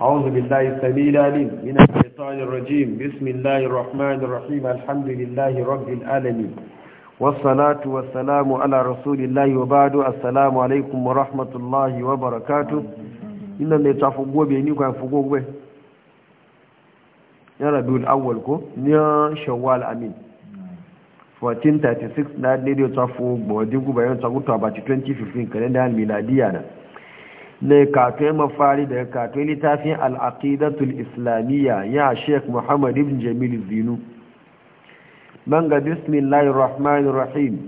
أعوذ بالله السميع العليم من الشيطان الرجيم بسم الله الرحمن الرحيم الحمد لله رب العالمين والصلاة والسلام على رسول الله وبعد السلام عليكم ورحمة الله وبركاته إننا نتفقوا تفقوا بيني كان فقوا يا ربي الأول كو يا شوال أمين 1436 na daidai ta fi gbogbo wajen gubayen tsakuta ba 2015 kalendar miladiya na ne katoye mafari daga katoye littafin al'aqidatul islamiyya ya shek muhammad ibn jamil zinu banga bismillahir rahmanir rahim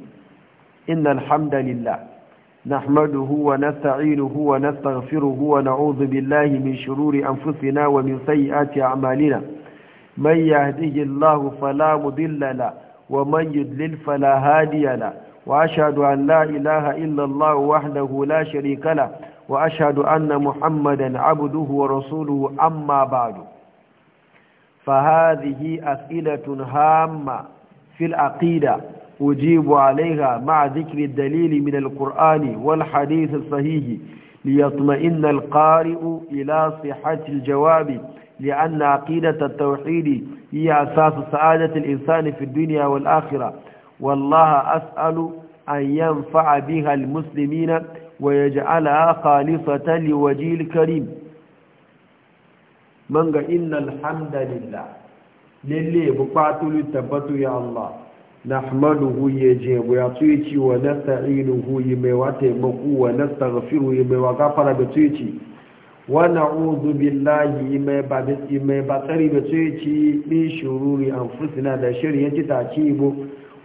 innal hamdalillah nahmaduhu wa nasta'inuhu wa nastaghfiruhu wa na'udhu billahi min shururi anfusina wa min sayyiati a'malina man yahdihillahu fala mudilla la wa man yudlil fala hadiya la wa ashhadu an la ilaha illa allah wahdahu la sharika وأشهد أن محمدا عبده ورسوله أما بعد فهذه أسئلة هامة في العقيدة أجيب عليها مع ذكر الدليل من القرآن والحديث الصحيح ليطمئن القارئ إلى صحة الجواب لأن عقيدة التوحيد هي أساس سعادة الإنسان في الدنيا والآخرة والله أسأل أن ينفع بها المسلمين ويجعلها خالصة لوجه الكريم من إن الحمد لله للي بقاتل التبت يا الله نحمده يجيب ويطيتي ونستعينه يميواتمه ونستغفره يميوغفر بطيتي ونعوذ بالله يميبطر بطيتي من شرور أنفسنا دا شرية تعتيبه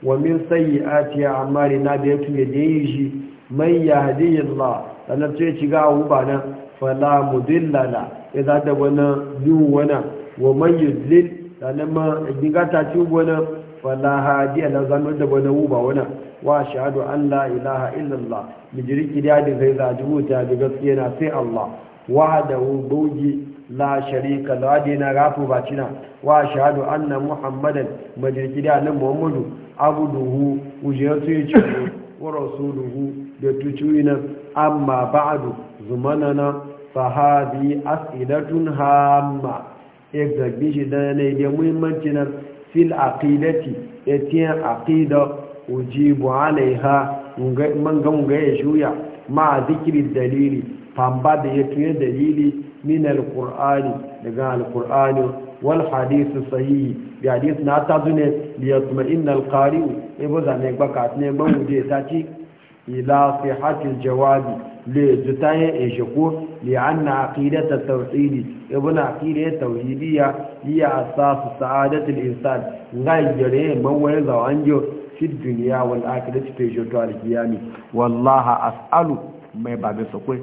ومن سيئات أعمالنا بيتو يجيجي mai yadi yalla sannan ce ci ga uba nan fala mudillala la ya za ta wani biyu wani wa mai yudlil sannan ma giga ta ci wani fala hadi ala zanu da wani uba wani wa shahadu an la ilaha illallah mijiriki da da zai za wuta da gaskiya na sai Allah wahdahu buji la sharika la dina rafu bacina wa shahadu anna muhammadan majiriki da muhammadu abuduhu ujiyatu yace wa rasuluhu da nan amma ba'adu zumanana fa hadi as'ilatun hama exactly shi da yanayi da muhimmanci nan fil aqidati yatiyan e aqida ujibu alaiha man ga mun shuya ma zikiri dalili famba da ya tuye dalili min daga alƙur'ani wal hadisu sahihi bi hadisu na tazune li inal alqari ibo e zane gbaka ne wuje ta ci ila sihatil jawabi le jutaye e shiko li anna aqidata tauhidi ibn aqidata tauhidiyya hiya asas sa'adati al-insan ngai jere mawaye zawanjo fi dunya wal akhirati fi jotu al-qiyami wallahi as'alu mai babe sokwe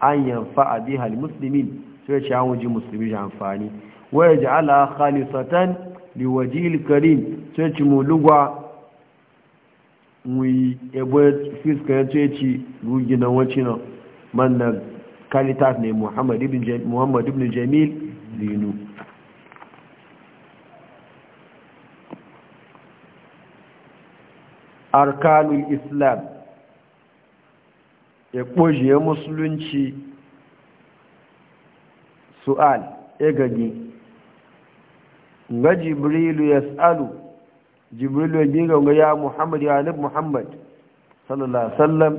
an yanfa'a biha al-muslimin sai ci an wuji muslimi amfani wa yaj'ala khalisatan liwajhil karim sai ci mulugwa wuyi ebe fiska ya ce ci gugi na wacce na man na kalitat ne muhammad ibn jamil linu arkanul islam ya ƙoji ya musulunci su'al ya gaji ga jibrilu ya tsalu jibril wa giga ga ya muhammad ya nabi muhammad sallallahu alaihi wasallam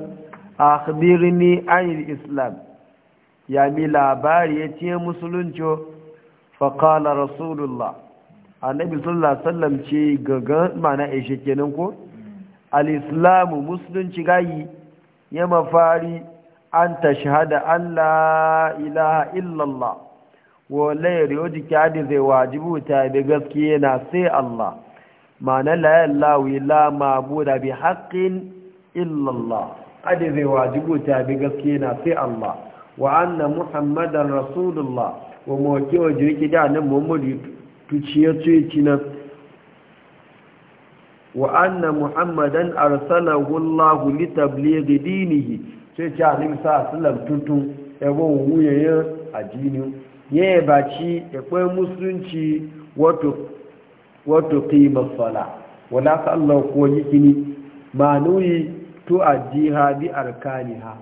akhbirni anil islam ya mi labari ya ce musulunci fa qala rasulullah annabi sallallahu alaihi wasallam ce gaga mana aisha kenan ko al islamu musulunci gayi ya mafari an tashhada an la ilaha illallah wa la yuridu kadi zai wajibu ta bi gaskiya na sai allah mana la yallawi la mabuda bi haqqin illa Allah ade wajibu ta bi gaske na sai Allah wa anna Muhammadan rasulullah wa mawaki wa jirki da nan muhammadu tuciye tuci nan wa anna muhammadan arsalahu Allah li tablighi dinihi sai ta alim sa sallam tutun ebo wuyayen ajini ye baci da kwai musulunci wato wa tuqima as-sala wala ka Allah ko yikini nuyi tu ajiha bi arkaniha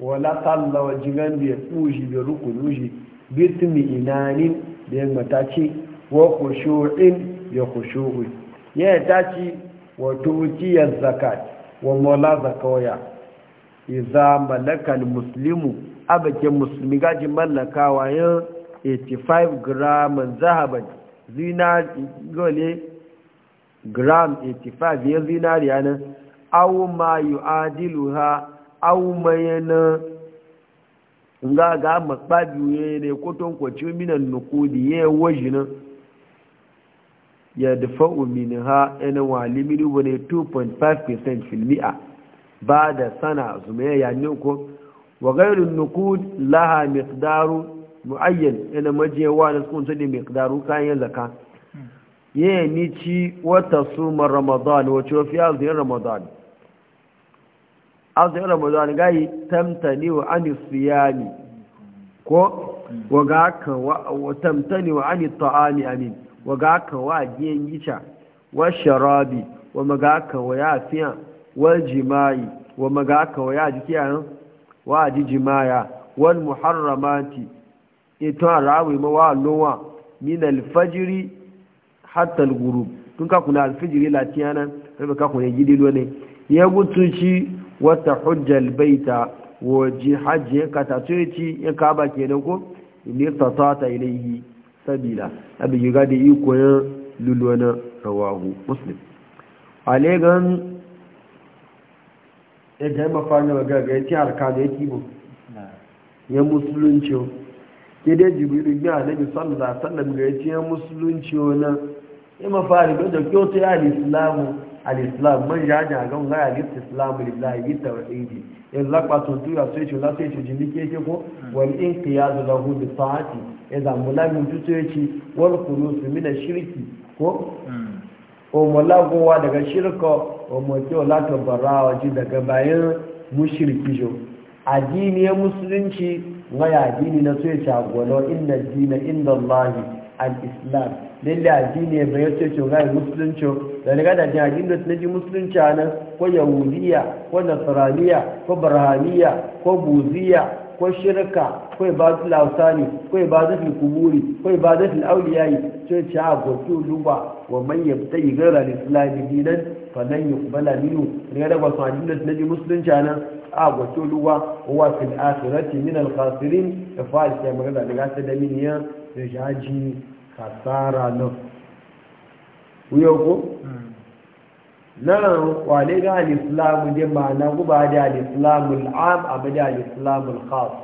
wala ka Allah wajigan bi tuji bi rukunuji bi tumi inanin da yamma tace wa khushu'in ya khushu'i ya tace wa tuqiya zakat wa mola zakawaya iza malaka muslimu abake musulmi gaji mallakawa ya 85 gram zahaban zinari gole gram 85 ya zinari yana awu ma yi adilu ha awu maye na nga ga makpa biyu ne koton kwaci minan nukudi ya yi waji nan ya dafa umin ha yana wali mini wani 2.5% a ba da sana zuma ya yi ko wa gairin nuku laha miqdaru mu'ayyan yana majiyawa na sukun tsadi mai daru kayan zaka yaya ni ci wata suma ramadan wacce wafi azuyin ramadan azuyin ramadan gayi tamtani wa ani siyani ko waga kan wa tamtani wa ani ta'ami amin waga aka wa giyan gica wa sharabi wa maga kan wa fiya wa jima'i wa maga kan wa ya jiki wa ji jimaya wal muharramati ito arawi ma wa min alfajiri hatta algurub tun ka kuna alfajiri latiyana sai ka kuna gidi lo ne ya gutuci wata hujjal baita waji hajji ka ta tuci ya ka ba kenan ko ni ta ilayhi sabila abi yuga da iko ya lulwana rawahu muslim alegan ya jama'a fa ne ga ga ti arkada yake bu ya musulunci ke dai jibiru ya nabi sallallahu alaihi wasallam ga yace musulunci wannan ya mafari da kyoto ya al alislam man ya ja ga ga al-islamu lillahi bi tawhidi in lakwa to tu ya sai la sai jini ke ke ko wal inqiyadu lahu bi ta'ati idza mulamin tu sai ci wal khulus min ashriki ko hmm. o wa daga shirko o mo ke la to barawa ji daga bayin mushriki jo addini ya musulunci waya dini na so ya shagwalo inda dina inda Allahi al-Islam lalle addini bai yace ce ga musulunci da daga da jagin da ji musulunci nan ko yahudiya ko nasraniya ko barhaniya ko buziya ko shirka ko su la'usani ko ibadatul kuburi ko su ibadatul awliyai ce ce a gotu luba wa man yabtayi ghayra al-islam dinan falan yuqbala minhu daga da wasu addini da naji musulunci nan agwace luwa wa fil akhirati min al khasirin da fa'al sai magana daga ta da miniya da jaji kasara nan uyo ko nan wale ga Alislamu, islam da ma'ana guba da Alislamu islam al am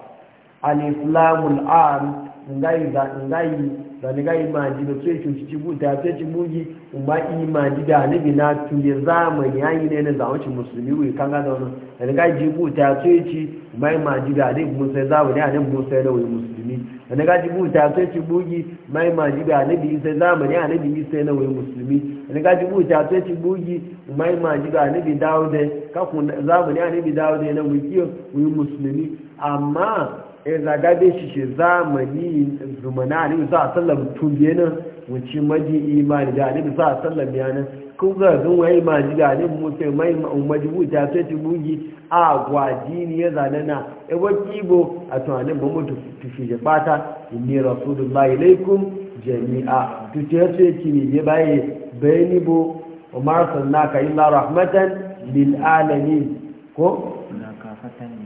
Alislamu da al islam al al islam ngai da ngai sani ga imaji da tsoye cuci buta ta ci bugi ma imaji da halibi na tuye zamani yayi ne na zawancin musulmi wai kan gada wani sani ga ji buta tsoye ci ma imaji da halibi musa zamani halibi musa da wai musulmi sani ga ji buta tsoye ci bugi ma imaji da halibi isa zamani halibi isa na wai musulmi sani ga ji buta tsoye ci bugi ma imaji da halibi dawo da kakun zamani halibi dawo da na wai musulmi amma e eh, zaga dai shi ce zamani zumana ne za a sallam tun biye nan wuce maji imani da ne za a sallam ya nan kun ga zun wai imani da ne mutu mai majibu ta sai ti bugi a gwaji ne ya na e waki bo a tunanin ba mutu tufi ya fata inni rasulullahi alaikum jami'a tuce sai ki ne baye bayani bo umar sallaka illa rahmatan lil alamin ko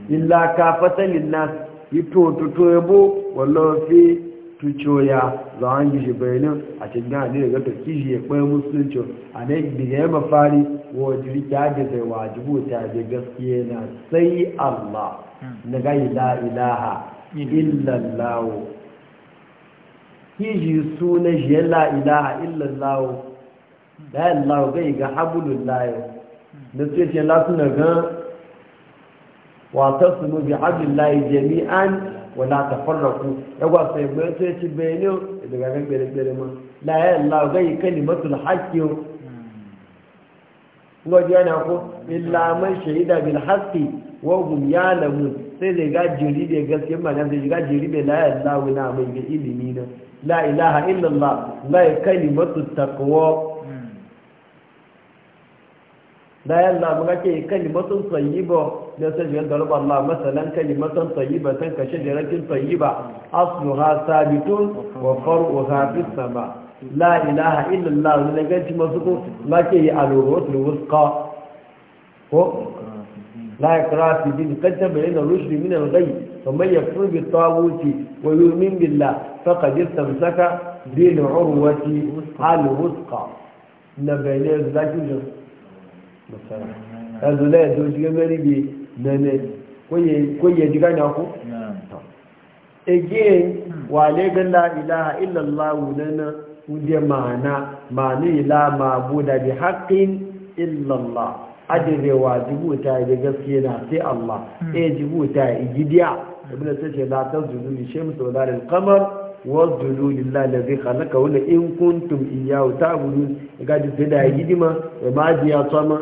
illa kafatan lin nas ito tuto yabo wallafi tucoya za a yi bayanin a cikin hannun da ta kishi ya kwaye musulunci a na daga ya mafari wajen rikya da zai wajibu ta da gaskiya na sai allah na ga la ilaha illallahu kishi na shi ya la ilaha illallahu la illahu gai ga habulun layo na su ce la suna gan واتصموا بحبل الله جميعا ولا تفرقوا يقول سيد موسي تبينوا إذا قلنا بلا بلا ما لا الله غي كلمة الحق يقول أنا أقول إلا من شهد بالحق وهم يعلمون سيد قال جريب يقص يما قال سيد قال جريب لا الله ونعم الجئين لا إله إلا الله لا كلمة التقوى da yalla mun ake kalimatun tayyiba da sai ya darba Allah masalan kalimatun tayyiba tan ka shajaratin tayyiba asluha sabitun wa far'uha fis sama la ilaha illa Allah ne ga ci masu ko lake alurwatul wusqa ko la ikra fi din kad tabayyana rushd min al-ghayb faman yakfur bi tawuti wa yu'min billah faqad istamsaka bil urwati al-wusqa na bayyana zakin wassalam yanzu la yanzu shiga gani bi nane ko ya ji gani ku again wale ga la ilaha illallah nana ìlà máa ma'ani la ma'buda bi haqqin illallah ajirewa ta da gaskiya na sai Allah eh jibuta igidiya ibn sace la tazudu li shamsi wa dalil qamar wa in kuntum iyyahu ta'budun ga da hidima da majiya sama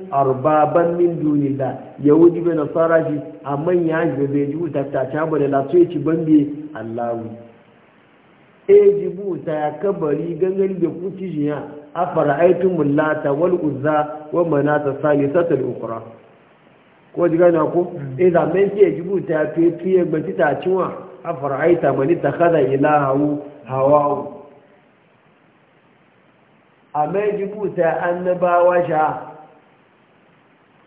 arbaban min dunilla yahudi be nasara shi amma ya ji bai ji uta ta ta bare la so ci bambe allahu e ji ta ya kabari gangan da kuci jiya afara'aytum lata wal uzza wa manata salisata al ukhra ko ji gana ko mm. e da men ke ji ta ya fe tuye gbati ta ciwa afara'aita man ittakhadha ilahu hawahu a ji buta annabawa sha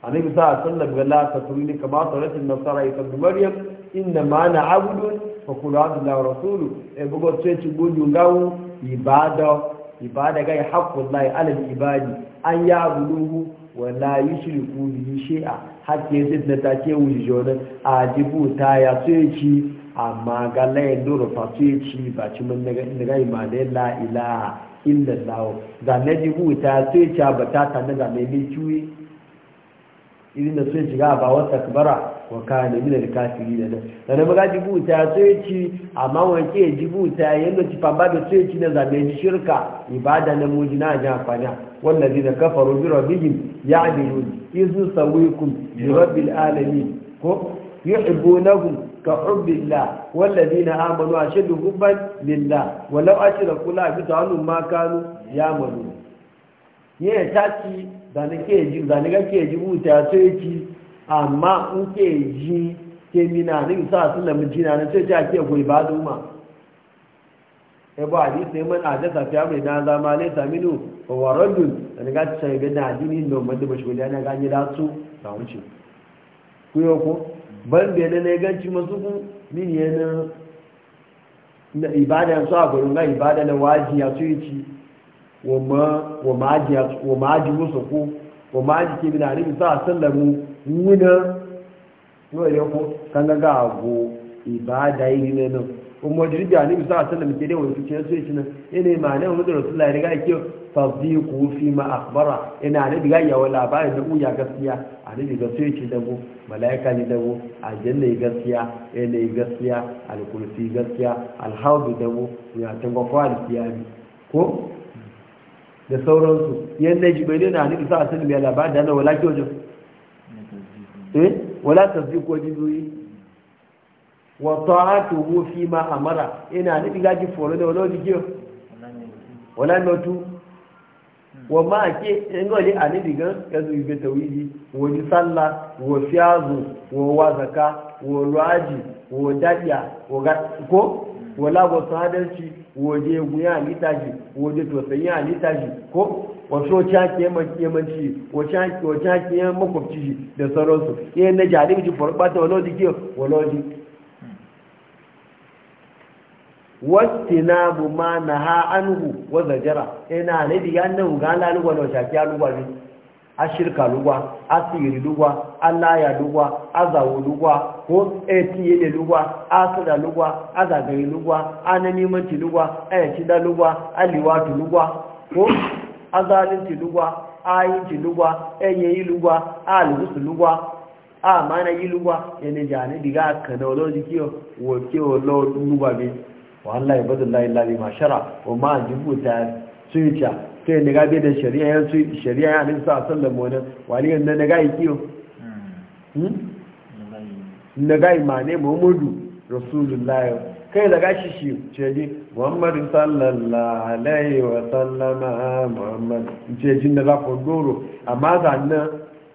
annabi sa sallam ga la ta tulli kama salatin nasara ita bi maryam inna ma na abudun fa kullu abdullahi wa rasulu e bugo ce ci gudu gawu ibada ibada ga haqqullahi ala ibadi an ya abuduhu wa la yushriku bihi shay'a hakke zidda ta ce wuji jona a jibu ta ya ce ci amma ga layin doro fa ce ci ba ci mun daga daga imani la ilaha illallah da najibu ta ce ci ba ta tanda da mai ciwi irin da sun shiga ba wata kabara wa kana min al kafiri da nan da maga jibuta sai ci amma wanke jibuta yi ci famba da sai ci na zabe shirka ibada na na mujina ja fana wallazi da kafaru bi rabbihim ya'dilun izu sawikum bi rabbil alamin ko nahu ka hubbillah wallazina amanu ashaddu hubban lillah walau ashraku la bi ta'allum ma kanu ya'malun ye taci zane kake ji wuta sai ki amma in ke ji ke mina nin sa su lamun jina nan sai ta ke goyi ba duma e ba di sai man aje ta mai na zama ne ta minu wa waradun da ga ta sai ga na dini no man da bashi na ga ni da su ta wuce ku yo ko ban da ne ne ganci masu ku ni ne na ibada so a gurin ga ibada na wajiya su yi ci wa ma'aji musu ku wa ma'aji ke bina alibi sa sallamu wuna yau ya ku kan ga abu ibada yi ne nan umar jirgi alibi sa sallamu ke dai wani fice su yi nan yana yi ma'anin wani da rasulullah riga ke fabdi ku fi ma akbara yana alibi ga yawa labarin da uya gaskiya alibi ga da yi ci dago mala'ika ne dago aljanna yi gaskiya yana yi gaskiya alkulfi gaskiya alhaudu dago ya tangwa kwa alkiyami ko da sauransu yadda jibeli na hannun isa a mai labar da yana wala wajen eh wala tasdiq wa jizuyi wa ta'atuhu fi ma amara ina nufi gaji foro da wani jiyo wala notu wa ma ake ingo ne a nufi gan yanzu ibe tawidi wa ni salla wa fiyazu wa wazaka wa ruwaji wa dadiya wa ko wala go sadarci waje guya alita shi waje to sai ya ko wato cha ke makiyamanci wacha ke wacha ke makwabci shi da sauransu eh na jari ji forbata wala dike wala di wastinabu ma naha anhu wa zajara ina ne diga nan ga lalu wala cha ke ne ashirka lugwa asiri lugwa alaya lugwa azawo lugwa ko etiyele lugwa asira lugwa azagari lugwa ananimanci lugwa ayacida lugwa aliwatu lugwa ko azalinci lugwa ayinci lugwa enyeyi lugwa alugusu lugwa amana yi lugwa yana jani diga kana oloji kiyo woke olo lugwa bi wallahi badullahi lalima shara wa ma jibuta suyica sai ne gabe da shari'a ya su shari'a ya nisa sallan wani wani yadda na gai kiyo hmm. Hmm? na gai mane muhammadu rasulullahi kai da gashi shi ce muhammadu sallallahu alaihi wa sallama muhammadu ce ji na za ku doro amma zannan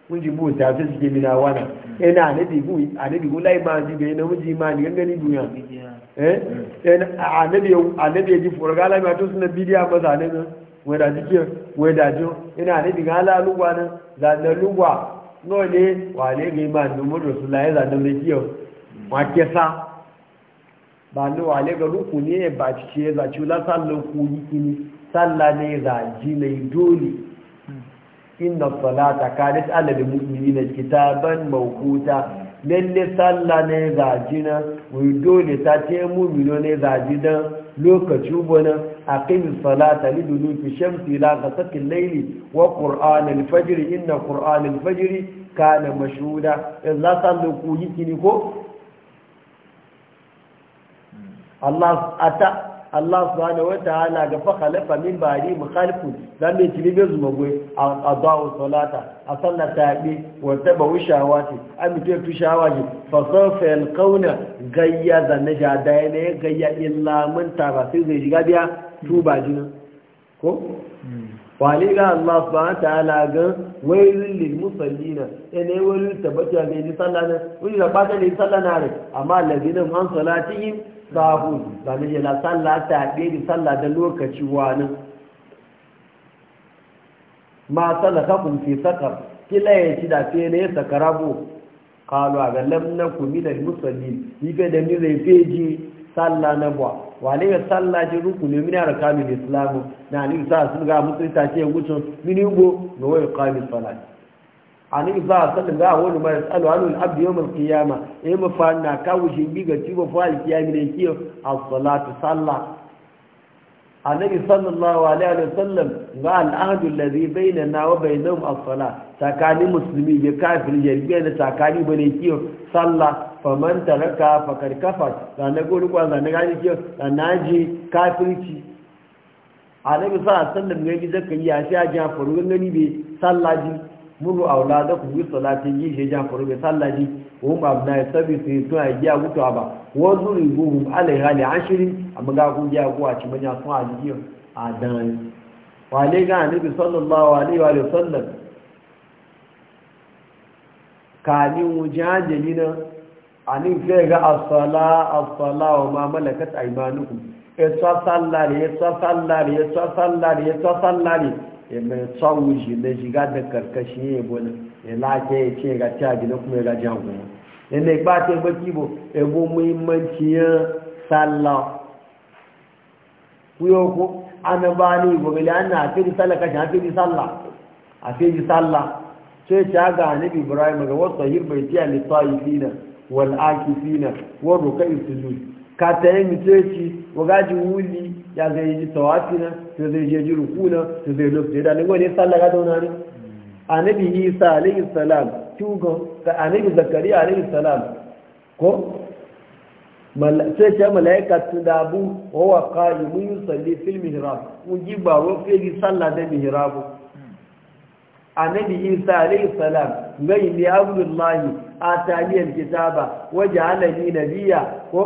mun ji buta ta suke mina wana hmm. ina anabi gu anabi bu lai ma ji bai na mun ma ni gangani duniya eh, eh anabi anabi ji furgala ma to suna bidiya ba zannan wadda jike wadda jo ina nabi gala lugwa nan zanen lugwa no ne e wa ne ga ima numar rasu laye zanen ne kiyo wa kesa ba ne wa ne ga ruku ne ya ba cike ya zaci la sallan ku yi kini salla ne e e za ji na yi dole inna salata ka da ta alabi mu'mini na kita ban mahuta lalle salla ne za ji na wuyi dole ta ce mu'mini ne za ji don lokaci bonan أقم الصلاة لدلوك الشمس إلى غسق الليل وقرآن الفجر إن قرآن الفجر كان مشهودا إذا صلقوا يتنكو الله أتى Allah subhanahu wa ta'ala ga fa khalafa min bari mu khalfu dan me tili be zuma goy a da'u salata a sallata yabi wa taba wishawati an mi tu shawaji fa safa al qawna gayya da naja da ne illa mun ta ba sai zai shiga biya tuba jina, ko wani ga Allah subhanahu ta'ala ga wailul lil musallina ene wailul a ga ni sallana wani da ba ta ni sallana ne amma nan an salatihim sahu na ne la sallata be ni salla da lokaci wani ma kafin fi sakar kila ya ci da fe ne sakarabo qalu aga lam nakum min al musallin yi ga da ni zai feji sallana ba wale ya sallaji rukuni min arkanul islamu na ni sa sun ga mutunta ce wucin mini go no wai qami salat ani za sallan ga wani mai tsalu anul abdi yawm alqiyama eh mafanna ka wuce biga tibo fa alqiyami ne kiyo as-salatu salla annabi sallallahu alaihi wa sallam ga al'ahdu alladhi bainana wa bainahum as-salah takani muslimi ya kafir ya biya da takani bane kiyo salla faman taraka fakar kafa zane gurgwa zane gani kiyo zanaji kafirci a nabi sa sallam ne zaka yi a shi ajiya faru gangani bai sallaji a wula da kuma yi salatin yi shi ajiya faru bai sallaji wani abu na ya sabi su yi suna giya gutuwa ba wanzu rigohun alaihali ashiri a maga kun giya ku a cimanya sun a jikin a dan wale ga nabi sallallahu alaihi wa sallam kamin wujen hajjali na anin sai ga asala asala wa ma malakat aymanukum yasa salla ne yasa salla ne yasa salla ne yasa salla ne ya mai tsawuji na shiga da karkashin ya gona ya lake ya ce ga ta gina kuma ya ga jan gona ya ne ba ta baki bo ebo muhimmanci ya salla kuyo ko an ba ni gobe da ana a fi salla kashi a fi salla a fi salla sai ta ga annabi ibrahim ga wasu hirbaiti a littafi na. wal'akifina wadda ka ruka'i sujud ka ta yi miteci wa gaji wuli ya zai ji tawafina, na zai je ji rukuna na zai lokci da ne wani sallah ga dauna ne annabi isa alayhi salam tugo ka annabi zakari alayhi salam ko sai ce malaika tudabu wa wa yi salli fil mihrab ji ba wa fi salla da mihrab annabi isa alayhi salam gai abu abdullahi atani alkitaba waj'alani nabiyya ko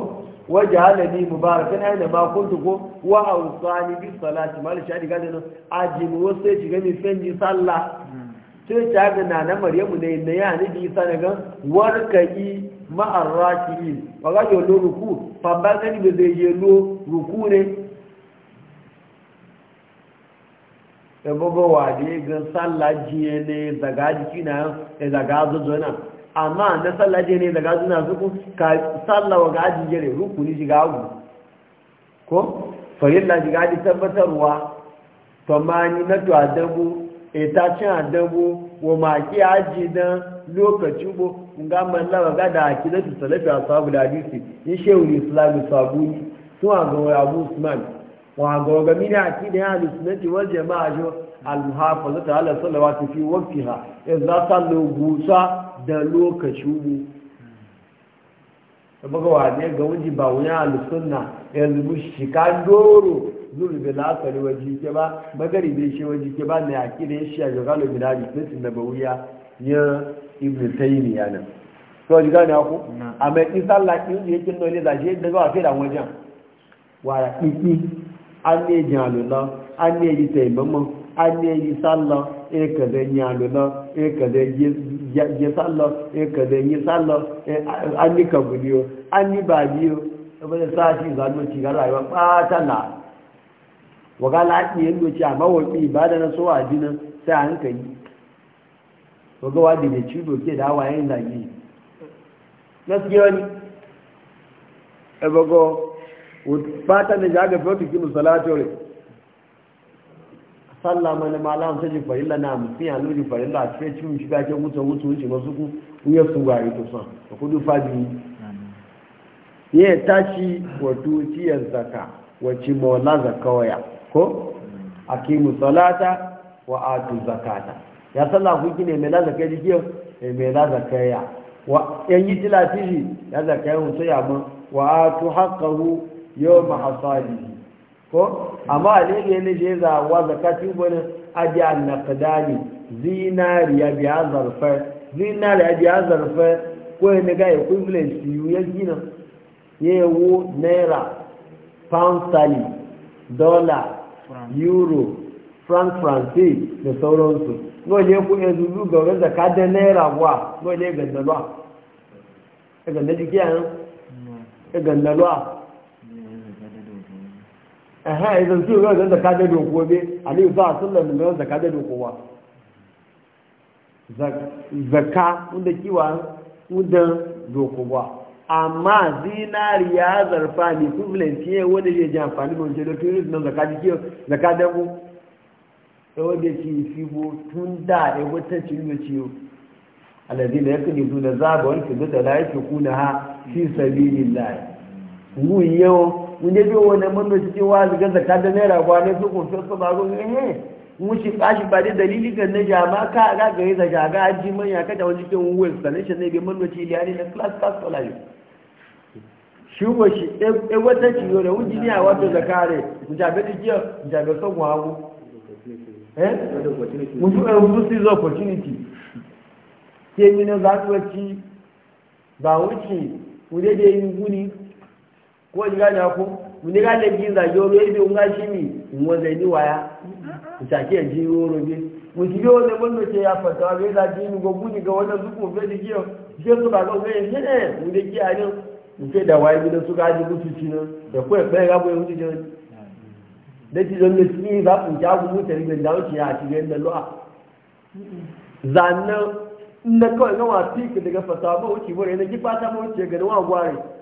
waj'alani mubarakan aina ma kuntu ko wa awsani bis salati mal shadi ga dano ajibu wasu ya shiga mi sanji sallah ce ta ga nana maryamu ne na ya ni bi sanaga warkai ma'ar rakiin wa ga yo lo ruku fa ba gani be zai je lo ruku ne da gogo wa de ga sallah jiye ne daga jiki na daga zuwa na amma na tsalla je ne daga suna suku ka sallah wa gaji jere rukuni shiga abu ko farilla shiga aji tabbatarwa ni na to adabu etacin adabu wa maki aji dan lokaci bo ga malla ga da akidatu salafi sabu da hadisi in shehu ne su a ga abu usman wa ga ga mina akida ahlus sunnati wal jamaa jo al muhafazatu ala salawati fi waqtiha idza sallu gusa da lokaci ubu baga wane ga wunji ba ya alusunna yanzu shika doro zuru bi lasari waje ke ba magari bai shi waje ke ba na yaki da ya shi a jogalo mina bi sun na bawuya ya ibn taymi ya nan to ji gane ku a mai isa lakin ya kin dole da shi da zuwa fira wajen wa ya kiki an ne jalula an ne yi taimama an ne yi sallah e kaza e ya lona e kaza ya sallo e kaza ya an ni an ni e sashi ci ga rayuwa na waga yin doci ba da na so a jinan sai an yi waga wadi da ci doke da hawa yin gaskiya e na jaga ga wafi kimu sallah mana malam ta jin farilla na mutum ya nuni farilla a cikin cikin shiga ke wuce wuce wuce masu ku in ya su gari to san da kudu fadi ya tashi wato ciyar zaka wacce maula zaka waya ko a kimu salata wa atu zakata ya sallah ku gine mai lazaka ji kiyo e mai lazaka ya wa yan yi tilatiri ya zaka ya mutu ya ma wa atu haqqahu yawma hasadihi ko amma ne ne ne je za wa zakati bane aji annaqdani zinariya biya zinari zinariya biya zarfa ko ne ga equivalent yu ya gina yewo naira pound sterling dollar euro franc français da sauransu ngole ku ne zuzu ga wanda ka da naira wa ngole ga dalwa ga da jikiya mm. ga dalwa ehe idan su yau zan zaka da doko be alayhi ba sallan da zaka da doko wa zaka wanda kiwa wanda doko ba amma zinari ya zarfa ne equivalent ne wanda ya ji amfani da wancan da turis na zaka da kiyo zaka da mu ta wanda ke fibo tun da ya wata cikin ciwo alazi da alladina yakunu zuna zaba wal fidda la kuna ha fi sabi sabilillah mu yi yau mun dai biyo wannan mun da cikin wa ga zakka da naira ba ne su kun so ba go eh mun shi kashi ba dai dalili ga na jama ka ga ga da jaga aji mun ya kada wani cikin wuwan sanation ne bi mun ce cikin yani na class class to layo shi ko shi e, e wata ci yo da wuji ne a wato zakare mun jabe da jiya mun jabe so eh? mu hawo eh mun ju mun wuzu si opportunity ke za na ci ba wuce mu dai da yin guni ko in gane ko mun ga le gi za yo re bi un ga shi mi mun zai ni waya mu ta ke ji woro ro bi mu ji yo ne mun ce ya fata ga za ji ni go guni ga wannan zuku be di kiyo je su ba ga ga ne ne mu de ki anin mu ce da wai bi da su ga ji ku ci nan da ko e ga bo mu ji je da ti don ne ni ba ku ja ku mu ta ri da wuce ya ci ga da lo'a zanna na ko ga wa fiki daga fasaha ba wuce bare ne ki fata ba wuce ga da wa gware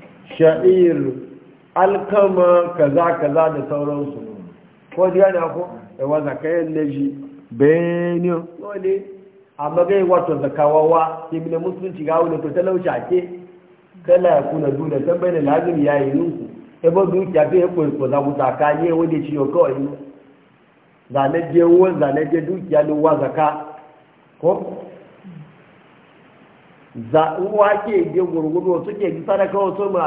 sha'ir alkama kaza kaza da sauransu ko ji gane ko da e, wanda kayan leji benin wale amma gai wato zakawawa ibn muslim ci ga wani to lauca ke kala ya kuna duna san bai da lazim ya yi ninku ebe dukiya zai yi ko za mu zaka ne wanda ci yau kawai zane je won zane je dukiya ne wa zaka ko za uwa ke je gurgudu suke ji sadaka otu ma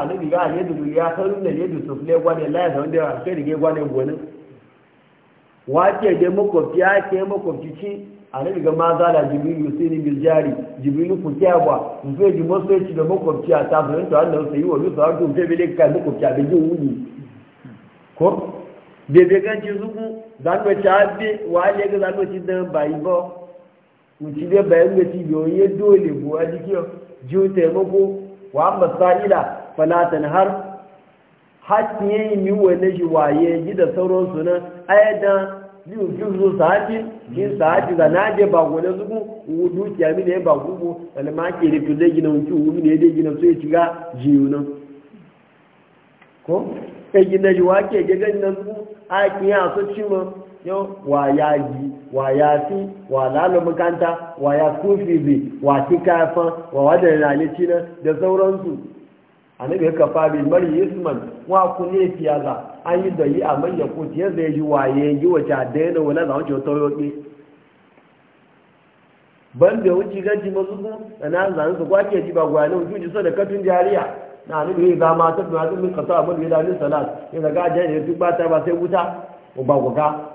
ya san ne ne dudu sufle gwane la ya san da sai rige gwane gwane wa ke ya ke makwabci ci annabi ga ma zala jibrilu sai ni bil jari jibrilu ku ke ba mu sai ji mu da a ta san wa ka a da wuni ko bebe ganci ba wuci dai bayan da ci biyu ya dole buwa jiki jiyo taimako wa sa'ila falatan har hakin ya yi miwa na shi waye ji da sauransu nan ayyadan biyu fi zo sa'aji shi sa'aji za na je ba gole zuku uwu dukiya da ya ba gugu wani ma ke da zai gina wuki wuri ne ya dai gina so ya shiga jiyu nan ko ya gina shi wake ya gani nan zuku a kin ya so cimma yau wa ya yi wa ya fi wa lalu makanta wa ya kufi bi wa ki kafan wa wadda ralici na da sauransu annabi ka bi mari yisman wa ku ne fiyaza an yi da yi a manya ko tiya zai yi wa waye yi wace daina wala za wuce ta yoke ban da wuce ganci masu da na zan su kwake ji ba gwanin wuce ji so da katun jariya na annabi ya zama ta tuna zumin kasa abin da ya dalilin salat ya zaga da ya duk ba ta ba sai wuta ba ku ka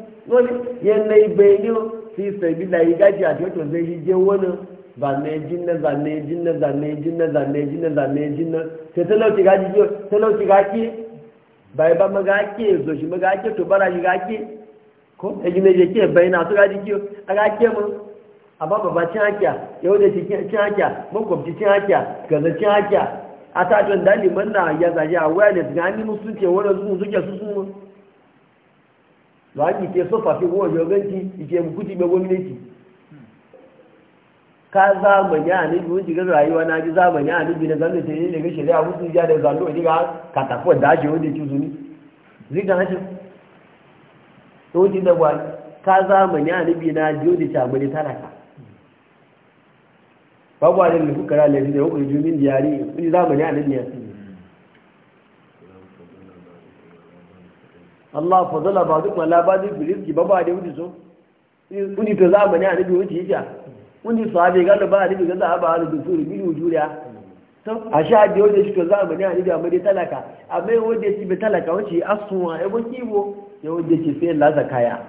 wani yanayi bayani fi sabi da yi gaji a teku zai yi je wani zane jinna zane jinna zane jinna zane zane gaji gaki bai ba zo shi to bara shi gaki ko gina je ke bai na su gaji a gaki amma cin yau da cin cin gaza cin a na a waya da gani musu ce wani suke su lọ́wọ́dì ke so fi wọ́n ọ̀yọ́ gẹ́ǹtì ìṣe ẹ̀mùkútì gbẹ gómìnàtì ka zamani a níbi wọ́n ti rayuwa na ji zamani a níbi na zamani ne da abu ja da zalo a jiga katafuwa da ake wanda ci zuni zigan hashin to ji da wani ka zamani a na ji wanda ci abu talaka babu a da lukukara da ya da ya hukuri jumin zamani a Allah fadala ba duk wala ba duk bilirki ba ba da wuce so kuni to zamani a nabi wuce yake kuni sahabe ga ba a nabi ga da ba da ri min juriya to a sha da wuce shi to zamani a nabi amma dai talaka amma wuce shi be talaka wuce asuwa e go kibo ya wuce shi sai la zakaya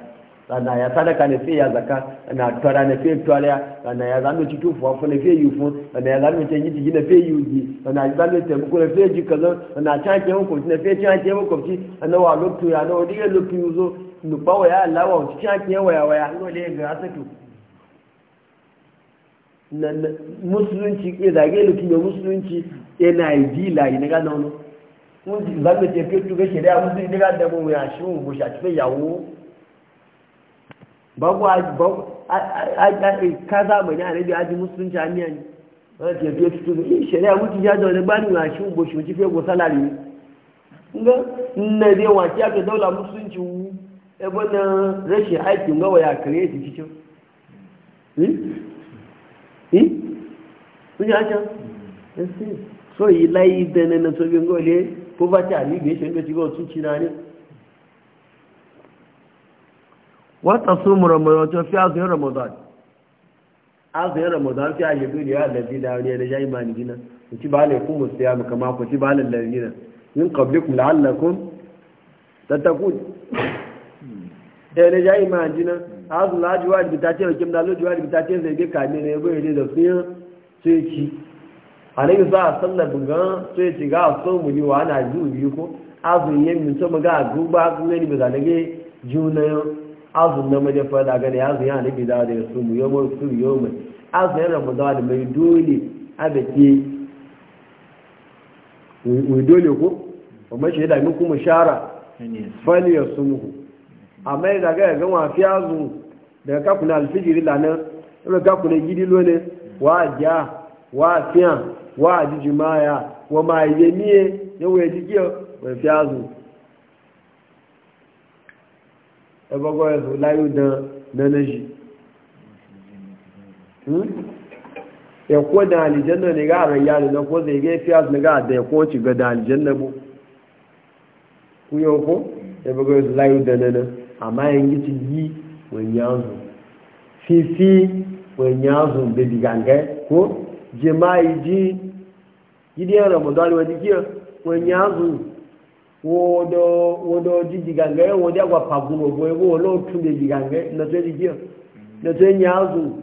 sana ya sadaka ne sai ya zaka na tara ne sai tara sana ya zanu ci tufu ne sai yufu sana ya zanu ci gidi na sai yuji sana ya zanu ci ku ne ji kaza sana ta ke mu ko ne sai ta ke ana wa lokto ya no diga lokto yuzo nu bawa ya Allah wa ci ta ya waya waya no le ga asatu na musulunci ke zage lokto ne musulunci yana yi nono mun ji zanu ci ke tu musulunci ne ga da mu ya shi mu yawo babu kaza zamani a nabi aji musulunci a miyan wani ke fiye fito da in shari'a wuce ya da wani bani wa shi ubo shi wuce fiye go salari nga nna zai wace ya ga daula musulunci wu ebe na rashin aikin gawa ya kare cikin so yi na gole ko ba ta ya shi ga cikin wata su mu ramadan to fi azumin ramadan azumin ramadan fi aje duniya ya ladi da ne da jayi mani gina ku ci ne ku mu siya mu kama ku ci da lazina min qablikum la'allakum tattaqun da eh, da jayi mani gina azu la juwa da ta ce kim da lo juwa da ta ce zai ga kani ne go yi da fiye sai yi za sa sallar buga sai ci ga so mu yi wa ana ji biyu ko azu yin mun so mu ga duba kun ne ba zalage junayo azun na madafa da gane azun ya nabi da da su mu yawon su yawon azun yana mu da mai dole a da ke mu dole ko amma shi da mun kuma shara fali ya su mu amma da ga ya wa fi azun da ka kuna alfijiri da nan da ka kuna gidi lone wa ja wa fiya wa jijimaya wa ma yemiye yawo ya jigiya wa fi azun ẹgbọ́gbọ́ ẹ̀sùn láyé dandan shi hmm? ẹ̀kọ́ da alìjẹ́nà ni gáàrẹ̀ ìyá rẹ̀ lọ́kọ́ zai gẹ́ fíàs ni gáàdẹ̀ ẹ̀kọ́ ti ga da alìjẹ́nà bú kúyẹ ọkọ́ ẹgbọ́gbọ́ ẹ̀sùn láyé dandan àmá ẹ̀yìn ti yí wẹ̀nyánzùn fífí bèbí gàǹgẹ́ kó jẹ máa yìí jí yídí ẹ̀rọ̀ mọ̀dọ́ wodo wodo jijigange wodi agwa pagumo boye wo lo tunde jigange na tse jigio na tse nyazu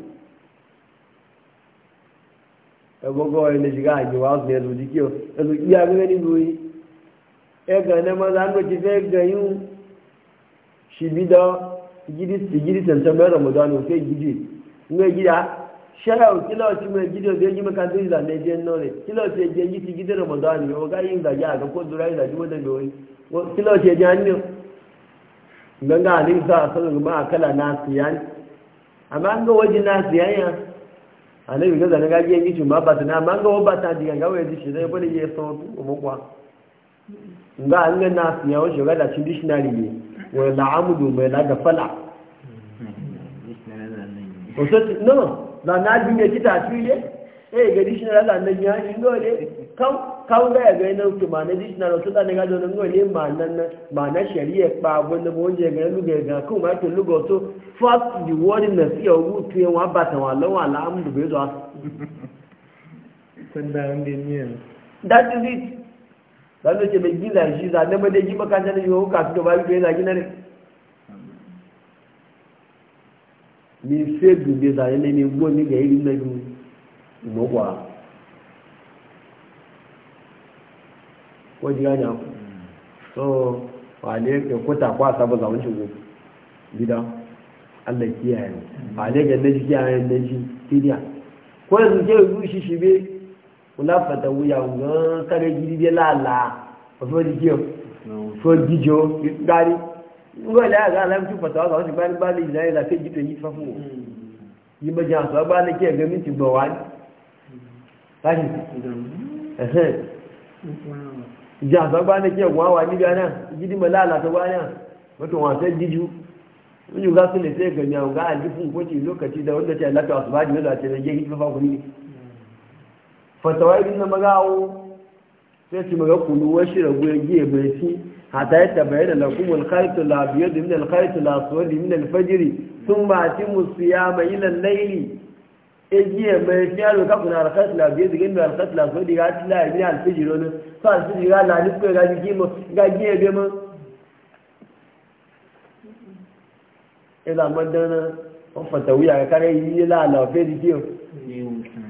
ebogo ene jiga ajo wa ne lo jigio elo iya ngene ni lui e ga na ma zan go jife ga yu shibida jidi jidi tantamara modano ke jidi ngai jida shara o kila o cimma gidi o biyan yi maka zai zane je nore kila o ce je yi ti gidi ramadani o ga yin zage a ga ko dura da zage wadda bai wani kila o ce je hannun a nisa a ma a kala na siyan amma an ga na siyan ya a nan biga ga gaji na amma an ba ta diga ga waje shi ya sautu o nga an na siyan wani shugaba da shi dishinari ne wani la'amudu mai na jin ya ci tafi ne eh ga dishi na da nan ya shi ngole kan kan ga ga nan to ma na dictionary to da ne ga don ngole ma nan ma na shari'a pa wanda bo je ga lu ga ga ko ma to lu go to fast the word in the sea o to yan wa ta wa lo wa la mu be zo as san da ne ne that is it dan ke bai gina shi za ne ba dai yi makanta ne yo ka to ba bi da gina ne mi fẹ́ dùgbé zàyẹ́ lẹ́ni gbọ́ nígbà yìí lẹ́nu ìmọ̀wà ko jíra yàn so wà ní ẹ̀kọ́ tàkọ́ àtàbọ̀ làwọn ṣòwò gida allah kiyaye wà ní ẹ̀kọ́ lẹ́jì kiyaye lẹ́jì kíríà kọ́ ẹ̀sùn jẹ́ ìlú ṣíṣe bí wọ́n fẹ̀tà wúyà wọ́n kárẹ́ gidi bí láàlà ọ̀fẹ́ so fẹ́ díjọ́ gari. ngọ́ ilẹ̀ àgbà aláìmùtú pàtàkì àwọn ti gbáni gbáni ìlà ìlà kéjì tó yí fẹ́ fún wọn yìí mọ̀ jẹ́ àṣọ agbáni kí ẹ̀gbẹ́ mi ti gbọ̀ wá láti ẹ̀hẹ́n ìjà àṣọ agbáni kí ẹ̀gbọ́n wà níbi aná ìjídí mọ̀ láàlà tó wá náà wọ́n tó wọn àṣẹ jíjú wọ́n yóò gásùn lè ṣe ẹ̀gbẹ̀mí àwọn gáà jí fún ìkọ́jì lókàtí ìdáwọ́n lọ́tí àlàtọ̀ àṣùbájì mẹ́lọ àti ẹ̀jẹ̀ yìí fẹ́fà kùn ní fọ̀tọ̀wá ìdí náà mọ́gáwó tí ó ti mọ̀gá kùn ní wọ́n ṣèrògbé ẹgbẹ́ ẹgbẹ́ sí hata yadda bai da lakumul khaytu la biyad min al khaytu la suwadi min al fajr thumma atimu siyama ila al layl ejiye mai fiyaru ka kuna al khaytu la biyad min al khaytu la suwadi ga ila min al ne fa al fajr ga la ni ko ga ji mo ga ji e be mo ila madana fa fatawiya ka kare yi la la fe di ki o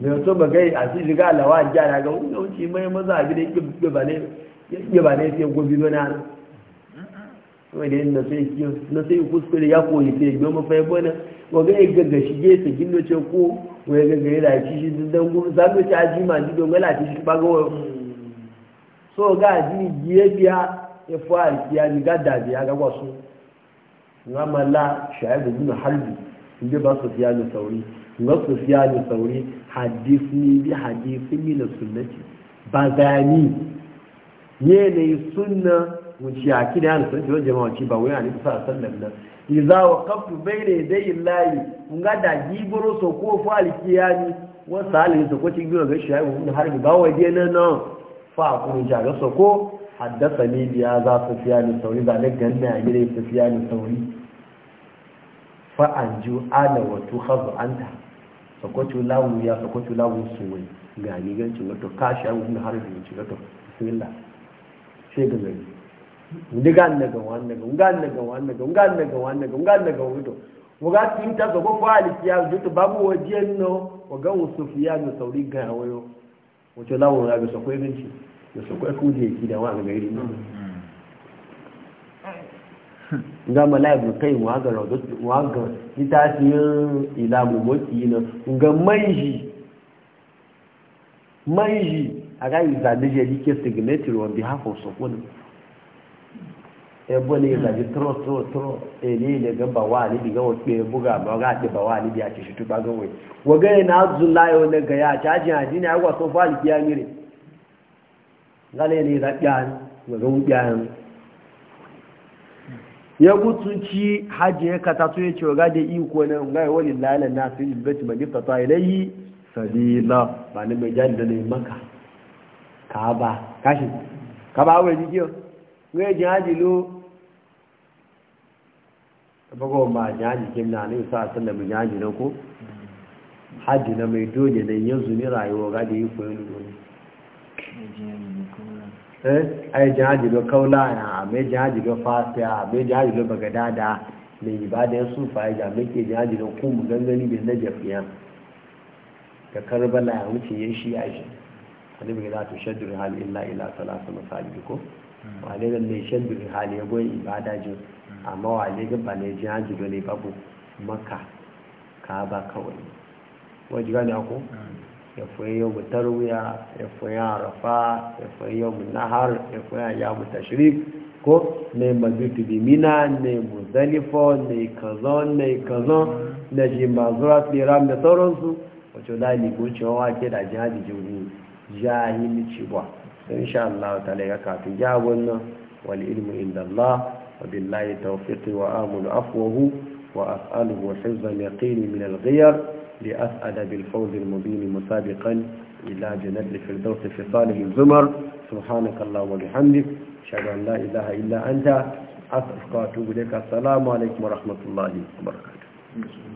mai so ba gai a cikin ga alawa a gyara ga wani yawanci mai maza abi da ya ba ne sai gobi wani ana kuma da yin na sai kuskure ya koyi sai gbe fai bane ga ya gaga shi ge ta gindo ce ko ya gaga ya lafi shi dan gudu mu ci aji ma ji don gala ci shi ba ga so ga ji giye biya ya fa ya ji ga da biya ga wasu ngamala shaibu bin halbi inda ba su fiya da sauri ga ni sauri hadisni bi hadisi min sunnati ba gani ne ne sunna wuce a kida yana sun jiwon jama'a ci ba wuya ne kusa sallan nan iza wa kaftu bai ne dai layi kun ga da gibiro so ko alkiya ne. wasu halin so ko cikin gibiro ga shi ya yi harbi ba wa je nan nan fa kun ja ga so ko haddasa ne biya za su fiya ne sauri ba ne ganna a gida su fiya ne sauri fa'anju ana wato hazu anta sakwato lawu ya sakwato lawu suwai ga nigancin wato kashi an har da ci wato bismillah sai ga gari ndiga annaga wannaga nga annaga wannaga nga annaga wannaga nga annaga wato waga tin ta zo ko aliki ya jutu babu wajen no waga usufiya no sauri ga wayo wato lawu ya ga sakwai ganci da sakwai kuje ki da wani gari nga mala ibn kai wa ga rawdo wa ga litafin ila na nga manji manji agaghị iza deje like signature on behalf of sokona ebo ne iza tro tro tro ga ba wa buga ba ga ba wa ni a ga we wa ga na azullahi wa ga ya ta ji adini agwa ngale ne ga ya. ya gutunci hajji ya katatu ya ce ga da iko na ngai wani lala na su yi bati mai difta ta ilayi sabila ba ni mai jani da nai maka ka ba kashi ka ba wai jikiyo ngai jin hajji lo bago ma jani kim na ne sa san da mai jani na ko hajji na mai doje da yanzu ne rayuwa ga da iko ne Eh, ai jihaji lo kaula a me jihaji lo fasiya me mai jihaji lo bagadada mai ya su fa'i da mai ke jihaji lo mu gangani bin Da jafiya ka karbala ya wuce ya shi a shi hannun bai za shaddu hali illa ila salasa masajidi ko hmm. wane da mai shaddu hali ya goyi ibada jin hmm. amma wale ga bane ne jihaji lo ne babu maka ka ba kawai wajen ne ko? Hmm. يفوي يوم التروية يفوي عرفة يفوي يوم النهر يفوي أيام التشريق كو ني مدوت بمينا ني مزدلفة ني كذان ني كذان نجي مزورة بيرام نتورنسو وشو لا نيبو شوا كده جهاد جوني جاهل شبوا إن شاء الله تعالى كافي جاونا والعلم عند الله وبالله توفيقي وآمل عفوه وأسأله حفظا يقيني من الغير لأسعد بالفوز المبين مسابقا إلى جنة الفردوس في صالح الزمر سبحانك الله وبحمدك أشهد أن لا إله إلا أنت أسألك وأتوب إليك السلام عليكم ورحمة الله وبركاته